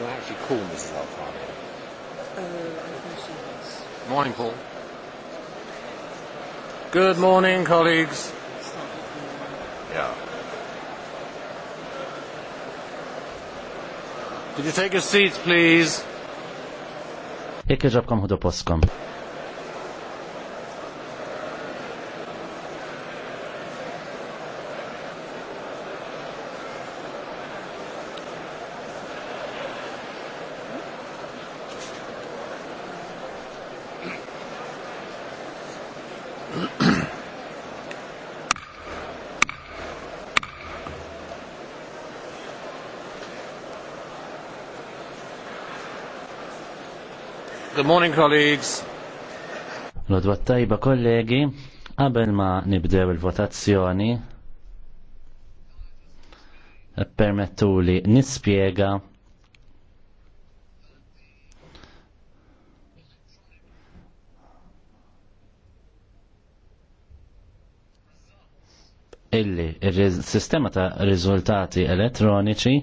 Do I actually call Mrs. Alfano? Uh, I think she does. Morning, Paul. Good morning, colleagues. Yeah. Could you take your seats, please? Jekk iġabkom hudu poskom. Good morning, colleagues. Lodwa tajba kollegi, qabel ma nibdew il-votazzjoni, permettu li nispiega illi il-sistema ta' riżultati elettroniċi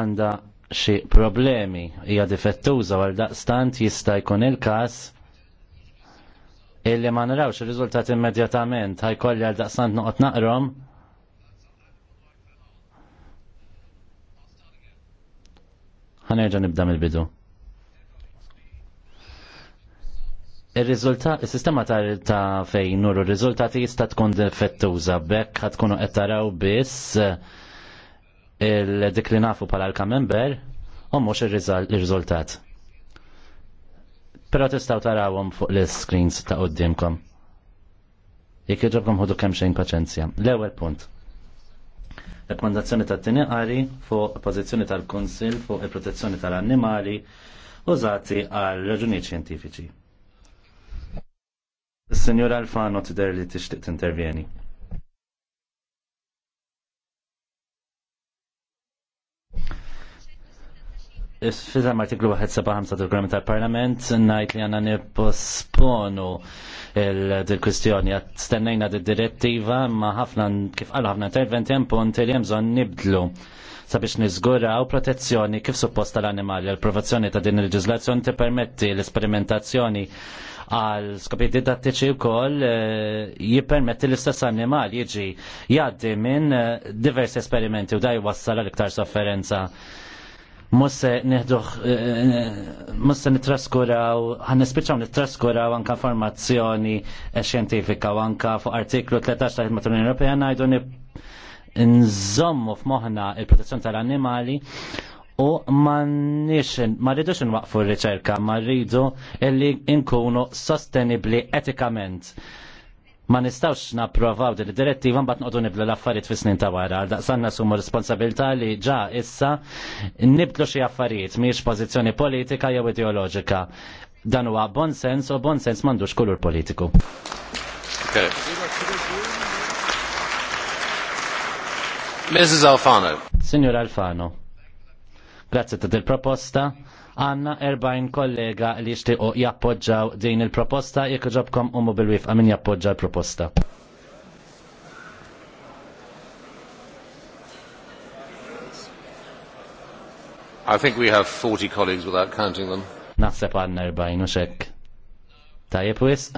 għanda xi problemi hija difettuża għal daqstant jista' jkun il-każ illi ma narawx ir-riżultat immedjatament ħajkolli għal daqstant noqgħod naqrom ħanerġa' nibda mill-bidu. il riżultat is sistema ta' fejn nuru, il riżultati jista' tkun defettuża bekk tkunu qed taraw biss il-dik li nafu pala l-kamember u mux il-rizultat. Pero tistaw tarawom fuq l-screens ta' uddimkom. Jek jġobkom ħudu kemm xejn paċenzja. L-ewwel punt. Rekomendazzjoni ta' tini qari fuq pożizzjoni tal konsil fuq il-protezzjoni tal-annimali użati għal raġunijiet xjentifiċi. Signor Alfano tider li tixtieq intervjeni. Fizza artiklu 175 tal-Programm tal-Parlament najt li għanna nipposponu il-kwistjoni għat stennejna d-direttiva ma ħafna kif għal ħafna interventi hemm punt li hemm bżonn nibdlu sabiex niżguraw protezzjoni kif supposta l-animali. L-approvazzjoni ta' din il te tippermetti l-esperimentazzjoni għal skopijiet didattiċi wkoll eh, jippermetti l-istess annimal jiġi jgħaddi minn eh, diversi esperimenti u daj wassal għal iktar sofferenza musse neħduħ, eh, eh, musse nitraskuraw, għan nispiċaw nitraskuraw anka formazzjoni eh, xjentifika u anka fuq artiklu 13 ta' tal matroni Ewropea najdu nżommu f'moħna il-protezzjoni tal-annimali u ma nix, ma rridux nwaqfu r-riċerka, ma rridu illi nkunu sostenibli etikament ma nistawx napprovaw din id-direttiva mbagħad noqogħdu niblu l-affarijiet fis snin ta' wara. daqsanna sumu responsabilità li ġa issa nibdlu xi affarijiet mhijiex pożizzjoni politika jew ideoloġika. Dan huwa bon sens u bon sens m'għandux kulur politiku. Mrs. Alfano. Signor Alfano, grazie ta' il proposta Għanna 40 kollega li jishtiqu jappoġġaw din il-proposta, jekk ġobkom u bil għamin min jappoġġa l-proposta. I think we have 40 colleagues without counting them. Naħseb għanna 40 u xek. Tajjeb wis?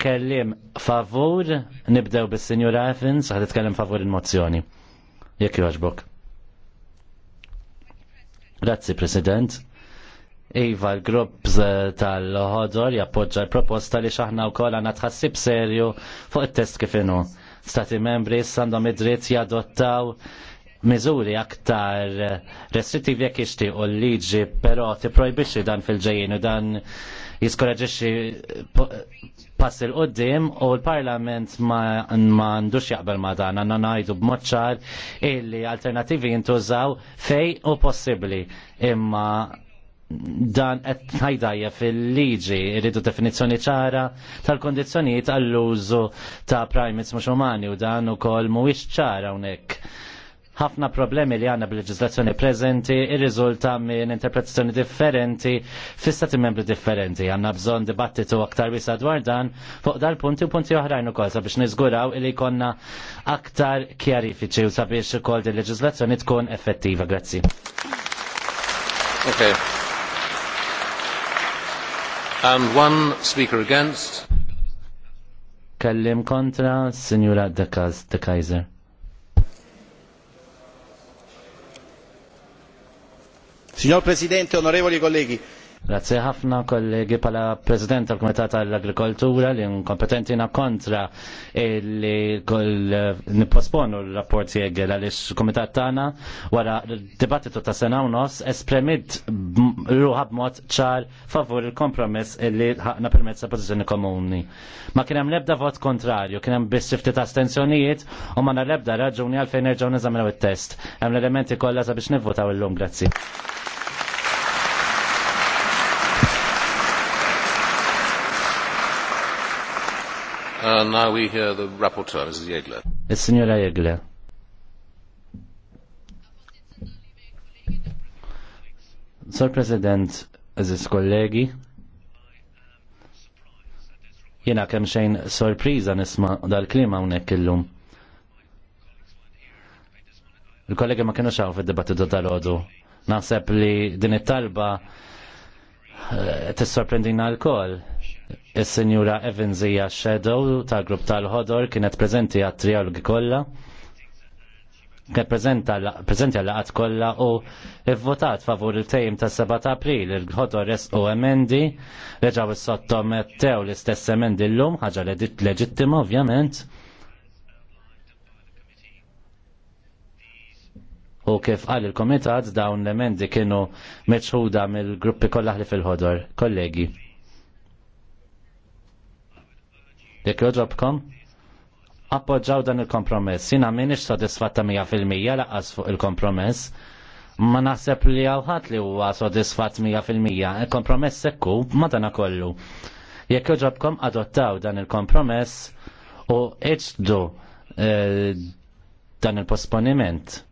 kellim favur, nibdew bis-Sinjura Evans, għad t-kellim favur il-mozzjoni. Jekk joġbok. Grazzi, President. Iva, l-grupp tal-ħodor jappoġġa l-proposta li xaħna u kolla natħassib serju fuq il-test kifinu. Stati membri s-sandom id-dritt jadottaw miżuri aktar restrittivi jekk jixtiequ l-liġi, però tipprojbixxi dan fil-ġejjin u dan jiskoraġixxi pass il qoddim u l-Parlament ma għandux jaqbel ma dan għandna ngħidu b'mod ċar illi alternattivi jintużaw fej u possibbli imma dan qed ħajdajja fil-liġi rridu definizzjoni ċara tal-kondizzjonijiet għall-użu ta' primates mhux umani u dan ukoll mhuwiex ċara hawnhekk ħafna problemi li għanna bil-leġizlazzjoni prezenti irriżulta minn interpretazzjoni differenti fi stati membri differenti. Għanna bżon dibattitu aktar wisa dwar dan fuq dal-punti u punti oħrajn ukoll sabiex niżguraw li konna aktar kjarifiċi u sabiex ukoll di leġizlazzjoni tkun effettiva. Grazzi. Okay. And one speaker against kellim kontra Signora De Kaiser. Signor Presidente, onorevoli colleghi. Grazie ħafna kollegi pala President tal kumitat tal-Agrikoltura li nkompetenti na kontra li kol nipposponu l-rapport jegħel għalix komitat tana wara dibattitu ta' sena u espremit ruħab mod ċar favur il-kompromess li ħakna permezz ta' pozizjoni komuni. Ma kienem lebda vot kontrarju, kienem biss xifti ta' astensjonijiet u ma na lebda raġuni għalfejn nerġaw nizaminaw il-test. Hemm l-elementi kollha sabiex nivvotaw illum, grazzi. Uh, now we hear the rapporteur, Mrs. Jägler. Il-Signora eh, Jägler. Sir President, Aziz kollegi, jena kem xejn sorpriza nisma dal-klima hawnhekk illum. Il-kollegi ma kienu xaw fil dibattitu tal-ħodu. Naħseb li din it-talba eh, t-sorprendina l-koll. Is-Sinjura Evans hija shadow tal grupp tal-ħodor kienet preżenti għat trialogi kollha. Kien preżenti għal laqat kollha u vvotat favur il-tejm tas 7 April il-ħodor u emendi reġgħu s-sottomettew l-istess emendi llum ħaġa leġittima ovvjament. u kif qal il-komitat dawn l-emendi kienu meċħuda mill-gruppi kollha fil-ħodor, kollegi. Jekk joġobkom, appoġġaw dan il-kompromess. Jina minix sodisfatta 100% laqas fuq il-kompromess. Ma naħseb li għawħat li huwa sodisfatt 100%. Il-kompromess sekku dana kollu. Jekk joġobkom adottaw dan il-kompromess u eċdu eh, dan il-posponiment.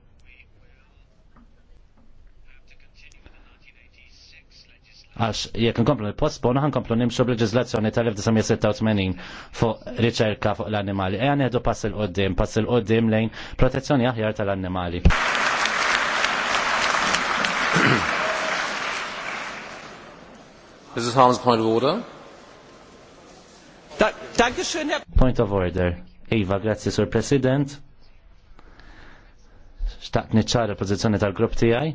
Għax jekk nkomplu għan komplu nimxu bil-ġizlazzjoni tal-1986 fuq riċerka fuq l-annimali. għan nieħdu pass il qoddim pass il qoddim lejn protezzjoni aħjar tal-annimali. Mrs. Harms, point of order. Point of order. Iva, grazie, Sur President. Xtaqt niċċara il pozizjoni tal-grupp tiegħi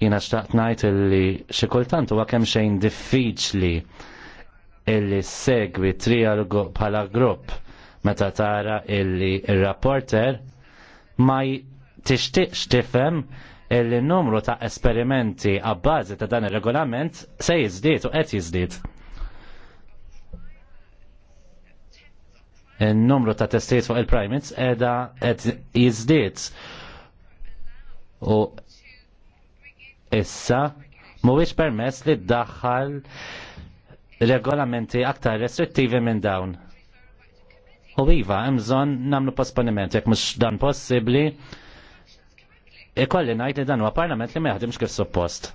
Jina xtaqt najt illi xikultant huwa kemm xejn diffiċli illi segwi trialogu bħala grupp meta tara illi il-rapporter ma tixtiqx tifhem illi numru ta' esperimenti għabbażi ta' dan il-regolament se jiżdied u qed jiżdied. Il-numru ta' testijiet fuq il-primates edha qed jizdit. U issa mhuwiex permess li ddaħħal regolamenti aktar restrittivi minn dawn. U iva, hemm bżonn nagħmlu posponiment jekk mhux dan possibbli. Ikolli ngħid li dan huwa parlament li ma jaħdimx kif suppost.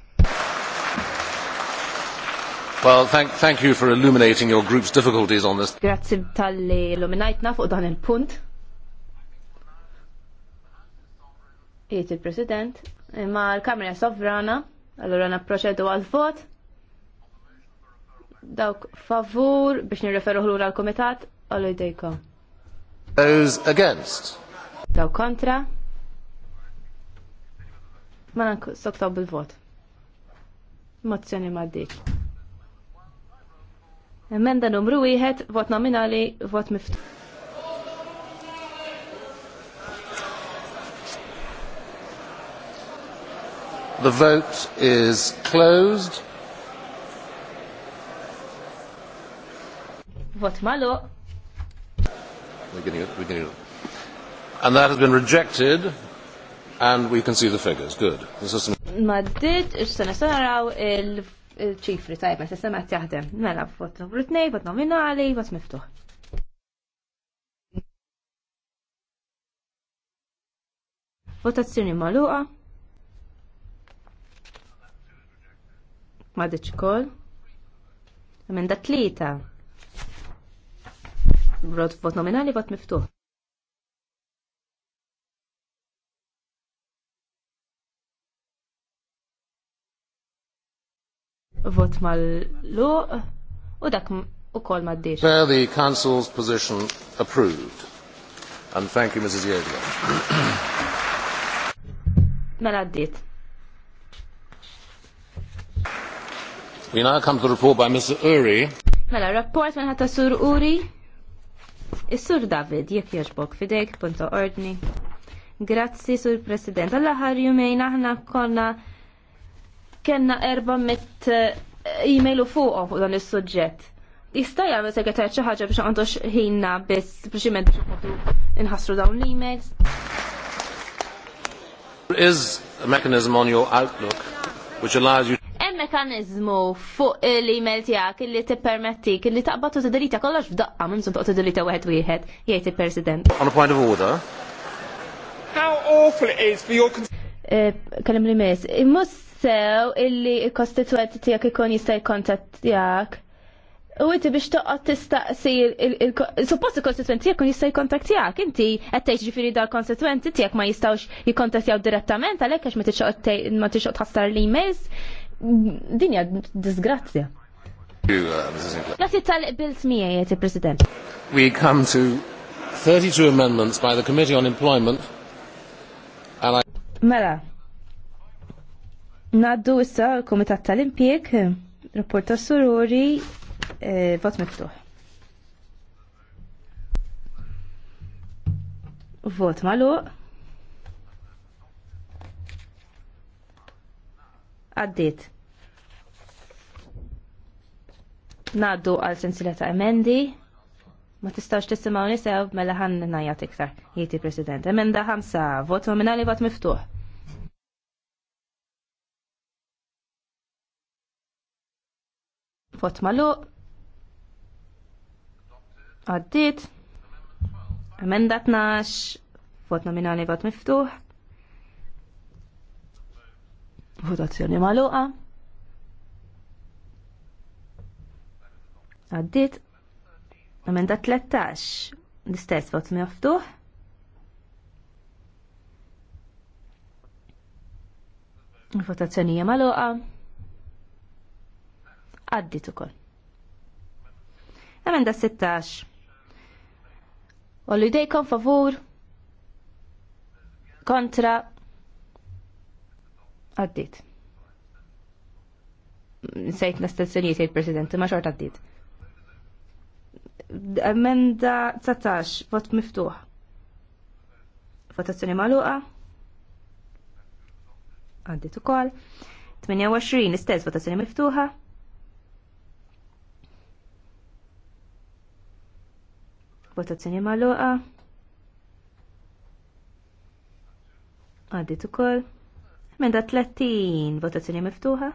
Well, thank, thank you for illuminating your group's difficulties on this. Grazzi tal illuminajtna fuq dan il-punt. jiet il-President, imma l-Kamra sovrana, allura napproċedu għal-vot. Dawk favur biex nirreferu ħlur għal komitat għallu jdejkom. Those against. Daw kontra. Ma nank soktaw bil-vot. Mozzjoni ma dik. Emenda numru wieħed, vot nominali, vot miftuħ. The vote is closed. Vot malo. We can hear, we're getting it. And that has been rejected, and we can see the figures. Good. Maddit, system. Ma sena saraw il-ċifri, tajb, ma s-sena t-jaħdem. Mela, vot rutnej, vot nominali, vot miftuħ. Votazzjoni maluqa. ma diċkol. da tlieta. Vot vot nominali, vot miftuħ. Vot mal lu u dak u kol maddiex. There the Council's position approved. And thank you, Mrs. Yeager. Mela għaddit. We now come to the report by Mr. Uri. Mela, report minn ħata Sur Uri. Is-Sur David, jek jogħġbok fidejk, punto ordni. Grazzi, Sur President. Alla aħħar jumejn aħna konna kena erba mit eh, e-mailu fuqom fuq dan il-sujġet. Istajja me segretar ċaħġa ħaġa biex għandux ħinna biex sempliċiment biex għandu inħasru dawn l-emails. There is a mechanism on your Outlook which allows you mekanizmu fuq l-email tiegħek illi tippermettik illi taqbad u tidelita kollox f'daqqa minn toqgħod tidelita wieħed wieħed, jgħid il-President. On a point of order. How awful it is for your eh, Kallim li mis, immus sew illi kostituet tiegħek ikun jista' kontat tijak. U għiti biex toqgħod il suppost il-konstituenti tiegħek jistaj jista' jgħak, inti qed ġifiri dal-konstituenti tiegħek ma jikontakt jgħak direttament għalhekk għax ma t ma tixqod l-emails dinja disgrazja. Uh, Nati tal-bilt miegħi, President. We come to 32 amendments by the Committee on Employment. And I... Mela, naddu issa l-Komitat tal-Impjeg, Rapporta sururi, eh, vot miftuħ. Vot malu. Għaddit. Naddu għal sensila ta' emendi. Ma tistax tisimaw nisew mela ħan najat iktar. Jieti President. Emenda ħamsa, vot nominali vot miftuħ. Vot malu. Għaddit. Emenda 12, vot nominali vot miftuħ. Votazzjoni maluqa. Għaddit. Emenda 13. L-istess vot miftuħ. Votazzjonija maluqa. Għaddit ukoll. Emenda 16. Ollu jdejkom favur. Kontra. Għaddit. Sejt l il-President, ma xort għaddit emenda 19, vot miftuħ. Votazzjoni maluqa. Għaddit ukoll. 28 istess votazzjoni miftuħa. Votazzjoni maluqa. Għaddit ukoll. Emenda 30, votazzjoni miftuħa.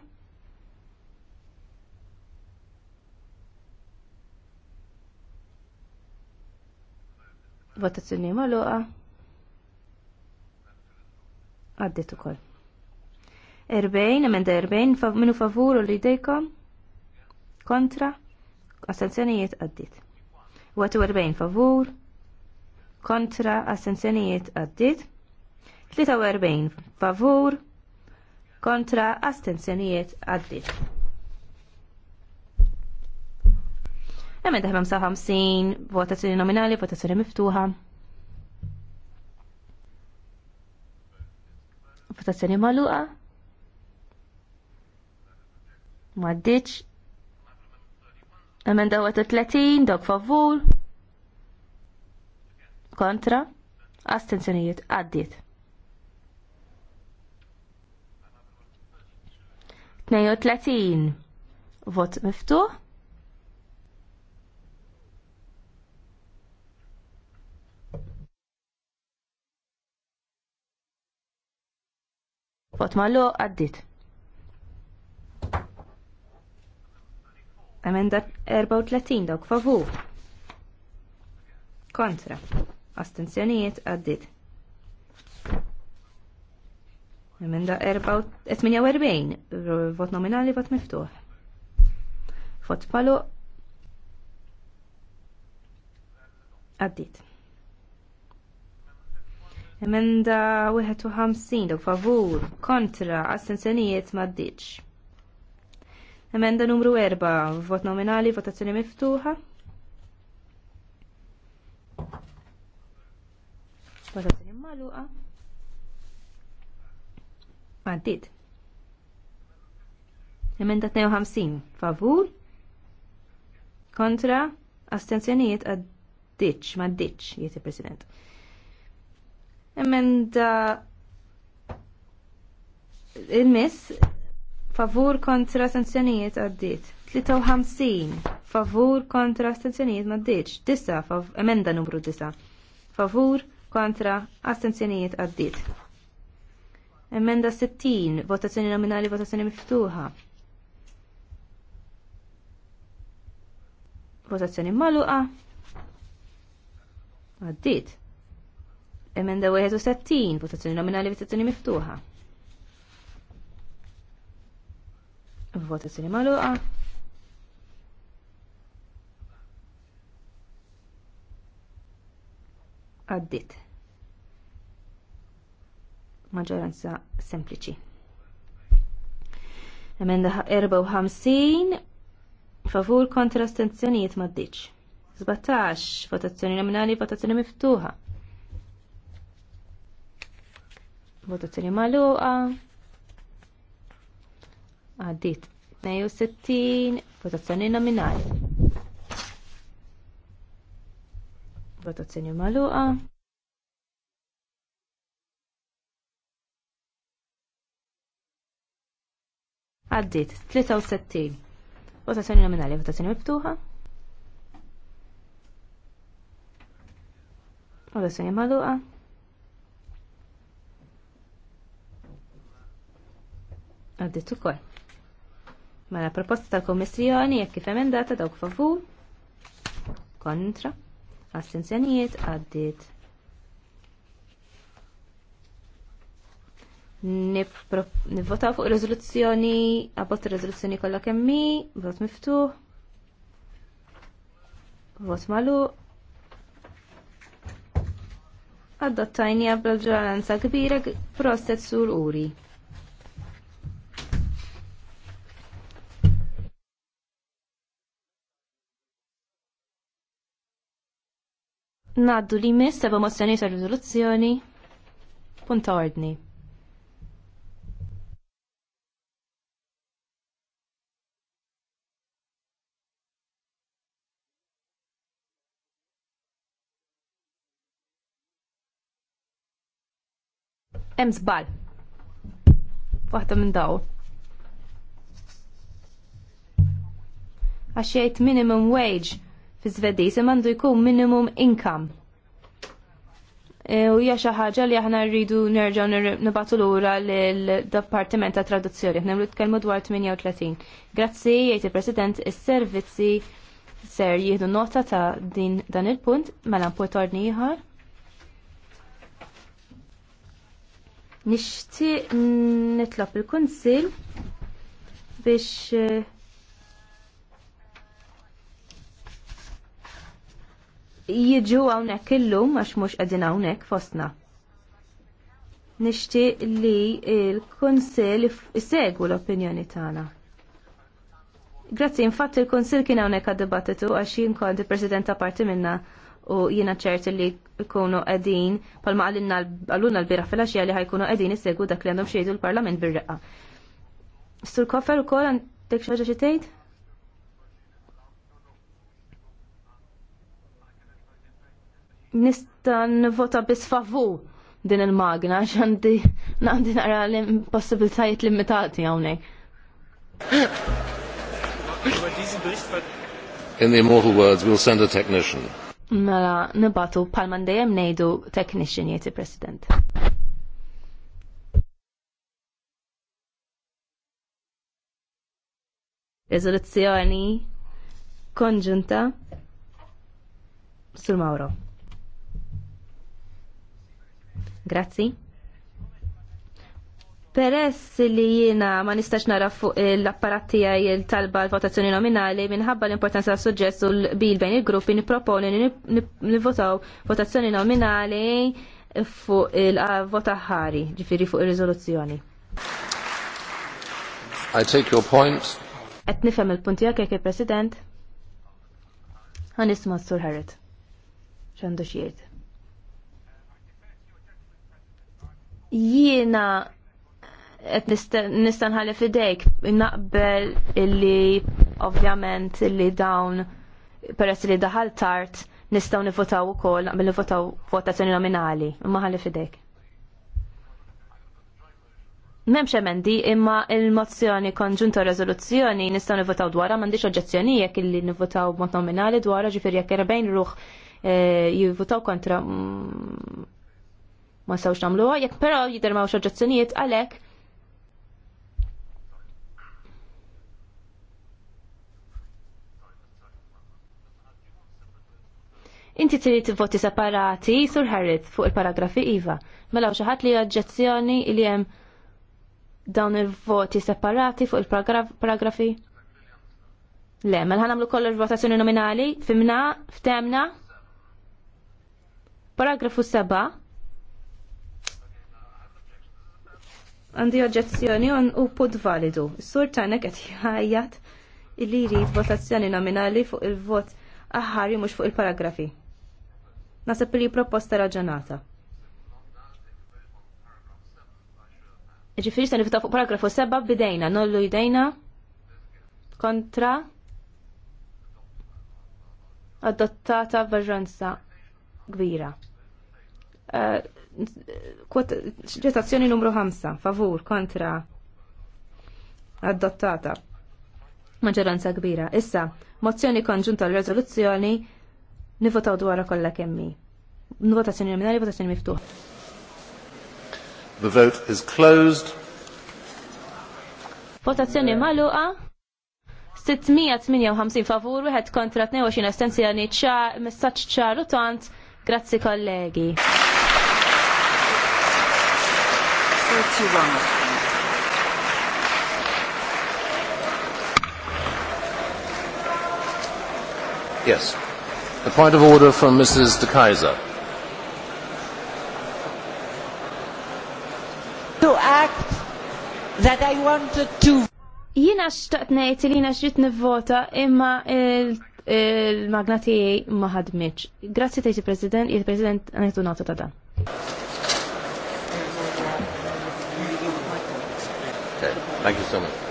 Votazzjoni maluqa Għaddit ukoll. Erbejn emenda erbejn, minu favur u li jdejkom? Kontra? Astenzjonijiet għaddit. erbejn favur, kontra astenzjonijiet għaddit. 43 favur, kontra astenzjonijiet għaddit. Emenda 55 votazzjoni nominali, votazzjoni miftuħa. Votazzjoni maluqa. Maddiċ. Emenda 30, dok favur. Kontra. Astenzjonijiet, għaddiet. 32 vot miftuħ Vot mallu għaddit. Emenda 34 dawk favu. Kontra. Astenzjonijiet għaddit. Emenda 48, eh, vot nominali, vot miftuħ. Vot palu, għaddit. Emenda 51 dawk favur kontra astensjonijiet maddiċ. Emenda numru 4 vot nominali votazzjoni miftuħa. Votazzjoni maluqa. Maddiċ. Emenda 52 favur kontra astensjonijiet għaddiċ, maddiċ, jieti President. Emenda il-miss favur kontra sanzjonijiet għaddit. 53 favur kontra astenzjonijiet ma ddiċ. 9 emenda numru 9 favur kontra astenzjonijiet għaddit. Emenda 60 votazzjoni nominali votazzjoni miftuħa. Votazzjoni maluqa għaddit. Emenda 61, votazzjoni nominali, votazzjoni miftuħa. Votazzjoni maluqa. Għaddit. Maġġoranza sempliċi. Emenda 54, favur kontra stenzjonijiet maddiċ. 17, votazzjoni nominali, votazzjoni miftuħa. votazzjoni maluqa, għaddit 62, votazzjoni nominali. Votazzjoni maluqa. Għaddit 63, votazzjoni nominali, votazzjoni miftuħa. Votazzjoni maluqa. Għaddit ukoll. Mela proposta tal-Kommissjoni jekk kif emendata dawk favur, kontra, astenzjonijiet għaddit. Nivvotaw fuq rezoluzzjoni, abbott rezoluzzjoni kollha kemmi, vot miftuħ, vot malu. Addottajni għabla l-ġuranza kbira prostet sur uri. Naddu li mis seba mozzjoni ta' rizoluzzjoni. Punta ordni. Hemm żball. Waħda minn daw. Għax minimum wage fi Svediż imma għandu jkun minimum income. E, u hija xi ħaġa li aħna rridu nerġgħu nibatu lura l-Dipartiment ta' Traduzzjoni. Aħna nitkellmu dwar 38. Grazzi jgħid il-President is-servizzi ser jieħdu nota ta' din dan il-punt mela punt ordni ieħor. Nixtieq nitlob il-Kunsill biex eh, jiġu hawnhekk illum għax mhux qegħdin għawnek fostna. Nishti li l-Kunsill isegwu l-opinjoni tagħna. Grazzi, infatt il-Kunsill kien hawnhekk għad-dibattitu għax jien kont il-President ta' parti minna u jiena ċert li jkunu qegħdin palma għalinna għalluna l-bira fil-għaxija li ħajkunu qegħdin isegwu dak li għandhom xejdu l-Parlament bir-reqqa. Sur koffer ukoll għandek xi ħaġa xi tgħid? nista' nivota bis favur din il-magna x'għandi nandi nara l impossibilitajiet limitati hawnhekk. In the immortal words, we'll send a technician. Mela, nibatu palman dejjem ngħidu technician jieti President. Rezoluzzjoni konġunta sul Mauro. Grazzi. Peress li jiena ma nistax nara fuq l-apparat il talba l-votazzjoni nominali minħabba l-importanza tas suġġessu l-bil bejn il-gruppi nipproponi nivvotaw votazzjoni nominali fuq il-vota ħari, ġifiri fuq il-riżoluzzjoni. I take your point. Et nifhem il punti tiegħek il-President. Ħanisma' s-Sur Ħaret. X'għandu Jiena qed nħalli fidejk naqbel illi ovvjament illi dawn peress li daħal tard nistgħu nivotaw ukoll naqbel nivotaw votazzjoni nominali imma ħalli fidejk. Memx emendi imma il-mozzjoni konġunta rezoluzzjoni nistgħu nivotaw dwarha m'għandix oġġezzjoni jekk illi nivotaw mod nominali dwarha ġifier jekk erbejn ruħ eh, jivvotaw kontra mm, ma sawx namluha, jekk però jidermaw xoġġazzjonijiet għalhekk Inti trid voti separati sur ħarrit fuq il-paragrafi iva. Mela xi ħadd li oġġezzjoni li hemm dawn il-voti separati fuq il-paragrafi? Le, mela ħanamlu kollu votazzjoni nominali, fimna, ftemna. Paragrafu 7 Għandi oġġezzjoni u pod validu. Sur tanek qed jħajjat illi jrid votazzjoni nominali fuq il-vot aħħar mhux fuq il-paragrafi. Nasib li proposta raġunata. Ġifiri se nifta fuq paragrafu seba' bidejna, nollu jdejna kontra adottata ad gbira. kbira. Eh, ċitazzjoni numru 5, favur, kontra, adottata, maġġoranza kbira. Issa, mozzjoni konġunta l-rezoluzzjoni nivotaw dwar kollha kemmi. Votazzjoni nominali, votazzjoni miftuħa. The vote is closed. Votazzjoni magħluqa. 658 favur, wieħed kontra 22 astenzjoni ċar, messaġġ ċar u tant. Grazzi kollegi. suivante. Yes. A point of order from Mrs. De Kaiser. To act that I wanted to. Jina xtaqt ngħid li jina xrid nivvota imma il-magna tiegħi ma ħadmitx. Grazzi tgħid il-President, il-President ngħidu nota ta' dan. Thank you so much.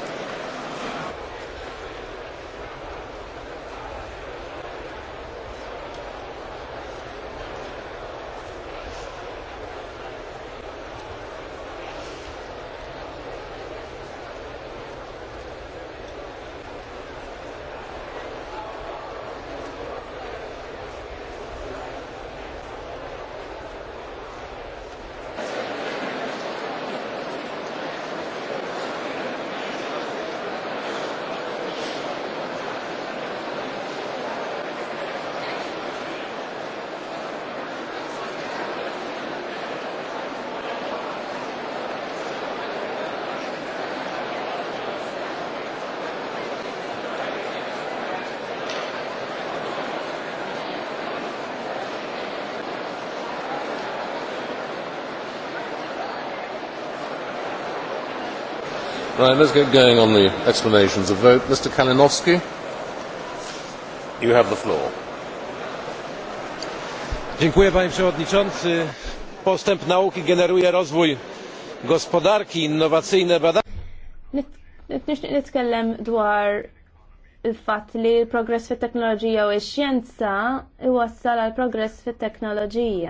Right, let's get going on the explanations of vote. Mr. Kalinowski, you have the floor. Dziękuję panie przewodniczący. Postęp nauki generuje rozwój gospodarki, innowacyjne badania. Nixtieq nitkellem dwar il-fatt li progress fit-teknoloġija u x-xjenza iwassal għal progress fit-teknoloġija.